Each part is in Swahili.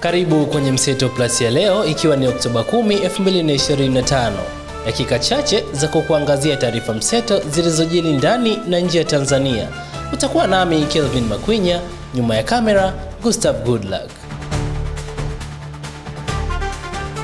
Karibu kwenye Mseto Plus ya leo, ikiwa ni Oktoba 10, 2025. Dakika chache za kukuangazia taarifa mseto zilizojili ndani na nje ya Tanzania. Utakuwa nami Kelvin Makwinya, nyuma ya kamera Gustav Goodluck.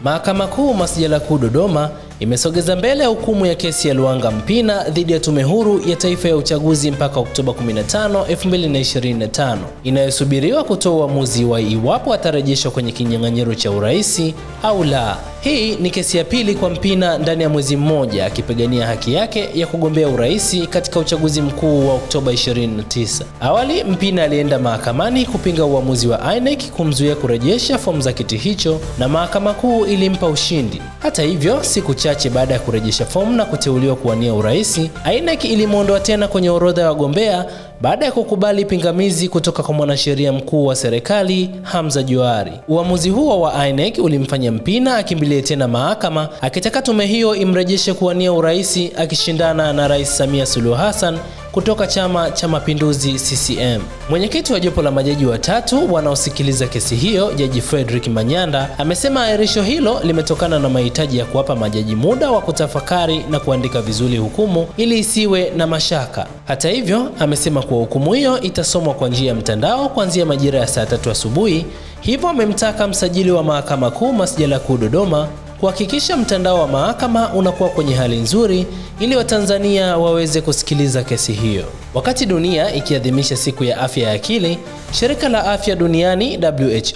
Mahakama Kuu Masjala Kuu Dodoma imesogeza mbele hukumu ya kesi ya Luanga Mpina dhidi ya Tume Huru ya Taifa ya Uchaguzi mpaka Oktoba 15, 2025 inayosubiriwa kutoa uamuzi wa iwapo atarejeshwa kwenye kinyang'anyiro cha uraisi au la. Hii ni kesi ya pili kwa Mpina ndani ya mwezi mmoja akipigania haki yake ya kugombea urais katika uchaguzi mkuu wa Oktoba 29. Awali Mpina alienda mahakamani kupinga uamuzi wa INEC kumzuia kurejesha fomu za kiti hicho na mahakama kuu ilimpa ushindi. Hata hivyo, siku chache baada ya kurejesha fomu na kuteuliwa kuwania urais, INEC ilimwondoa tena kwenye orodha ya wagombea baada ya kukubali pingamizi kutoka kwa mwanasheria mkuu wa serikali Hamza Juari. Uamuzi huo wa INEC ulimfanya Mpina akimbilie tena mahakama akitaka tume hiyo imrejeshe kuwania uraisi akishindana na Rais Samia Suluhu Hassan kutoka Chama cha Mapinduzi CCM. Mwenyekiti wa jopo la majaji watatu wanaosikiliza kesi hiyo, Jaji Frederick Manyanda, amesema ahirisho hilo limetokana na mahitaji ya kuwapa majaji muda wa kutafakari na kuandika vizuri hukumu ili isiwe na mashaka. Hata hivyo, amesema kuwa hukumu hiyo itasomwa kwa njia ya mtandao kuanzia majira ya saa tatu asubuhi. Hivyo amemtaka msajili wa Mahakama Kuu Masjala Kuu Dodoma kuhakikisha mtandao wa mahakama unakuwa kwenye hali nzuri ili Watanzania waweze kusikiliza kesi hiyo. Wakati dunia ikiadhimisha siku ya afya ya akili, shirika la afya duniani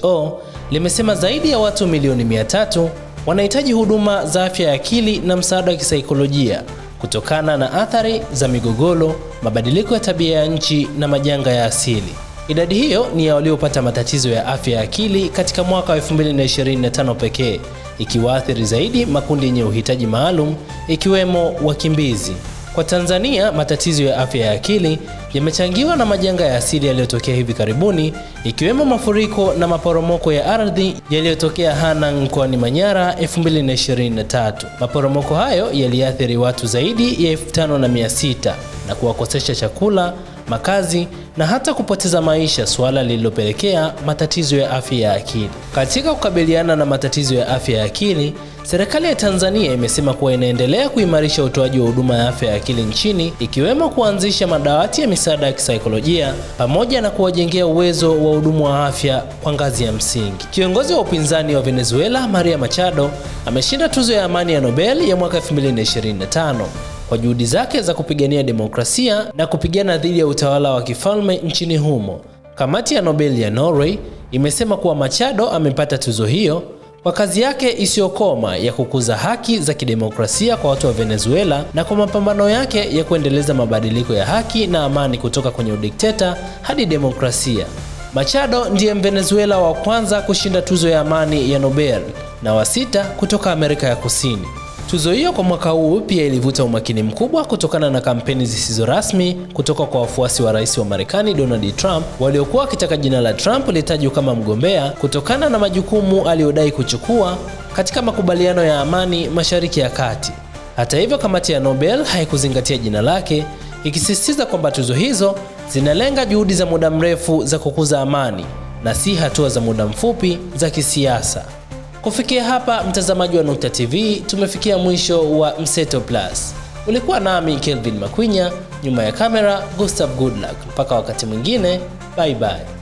WHO limesema zaidi ya watu milioni 300 wanahitaji huduma za afya ya akili na msaada wa kisaikolojia kutokana na athari za migogoro, mabadiliko ya tabia ya nchi na majanga ya asili. Idadi hiyo ni ya waliopata matatizo ya afya ya akili katika mwaka wa 2025 pekee, ikiwaathiri zaidi makundi yenye uhitaji maalum ikiwemo wakimbizi. Kwa Tanzania, matatizo ya afya ya akili yamechangiwa na majanga ya asili yaliyotokea hivi karibuni ikiwemo mafuriko na maporomoko ya ardhi yaliyotokea Hanang mkoani Manyara 2023. Maporomoko hayo yaliathiri watu zaidi ya 5600 na kuwakosesha chakula makazi na hata kupoteza maisha, suala lililopelekea matatizo ya afya ya akili. Katika kukabiliana na matatizo ya afya ya akili, serikali ya Tanzania imesema kuwa inaendelea kuimarisha utoaji wa huduma ya afya ya akili nchini, ikiwemo kuanzisha madawati ya misaada ya kisaikolojia pamoja na kuwajengea uwezo wa hudumu wa afya kwa ngazi ya msingi. Kiongozi wa upinzani wa Venezuela Maria Machado ameshinda tuzo ya amani ya Nobel ya mwaka 2025 kwa juhudi zake za kupigania demokrasia na kupigana dhidi ya utawala wa kifalme nchini humo. Kamati ya Nobel ya Norway imesema kuwa Machado amepata tuzo hiyo kwa kazi yake isiyokoma ya kukuza haki za kidemokrasia kwa watu wa Venezuela na kwa mapambano yake ya kuendeleza mabadiliko ya haki na amani kutoka kwenye udikteta hadi demokrasia. Machado ndiye Mvenezuela wa kwanza kushinda tuzo ya amani ya Nobel na wa sita kutoka Amerika ya Kusini. Tuzo hiyo kwa mwaka huu pia ilivuta umakini mkubwa kutokana na kampeni zisizo rasmi kutoka kwa wafuasi wa rais wa Marekani Donald Trump waliokuwa wakitaka jina la Trump litajwe kama mgombea kutokana na majukumu aliyodai kuchukua katika makubaliano ya amani Mashariki ya Kati. Hata hivyo, kamati ya Nobel haikuzingatia jina lake, ikisisitiza kwamba tuzo hizo zinalenga juhudi za muda mrefu za kukuza amani na si hatua za muda mfupi za kisiasa. Kufikia hapa, mtazamaji wa Nukta TV, tumefikia mwisho wa Mseto Plus. Ulikuwa nami Kelvin Makwinya, nyuma ya kamera Gustav Goodluck. Mpaka wakati mwingine, bye bye.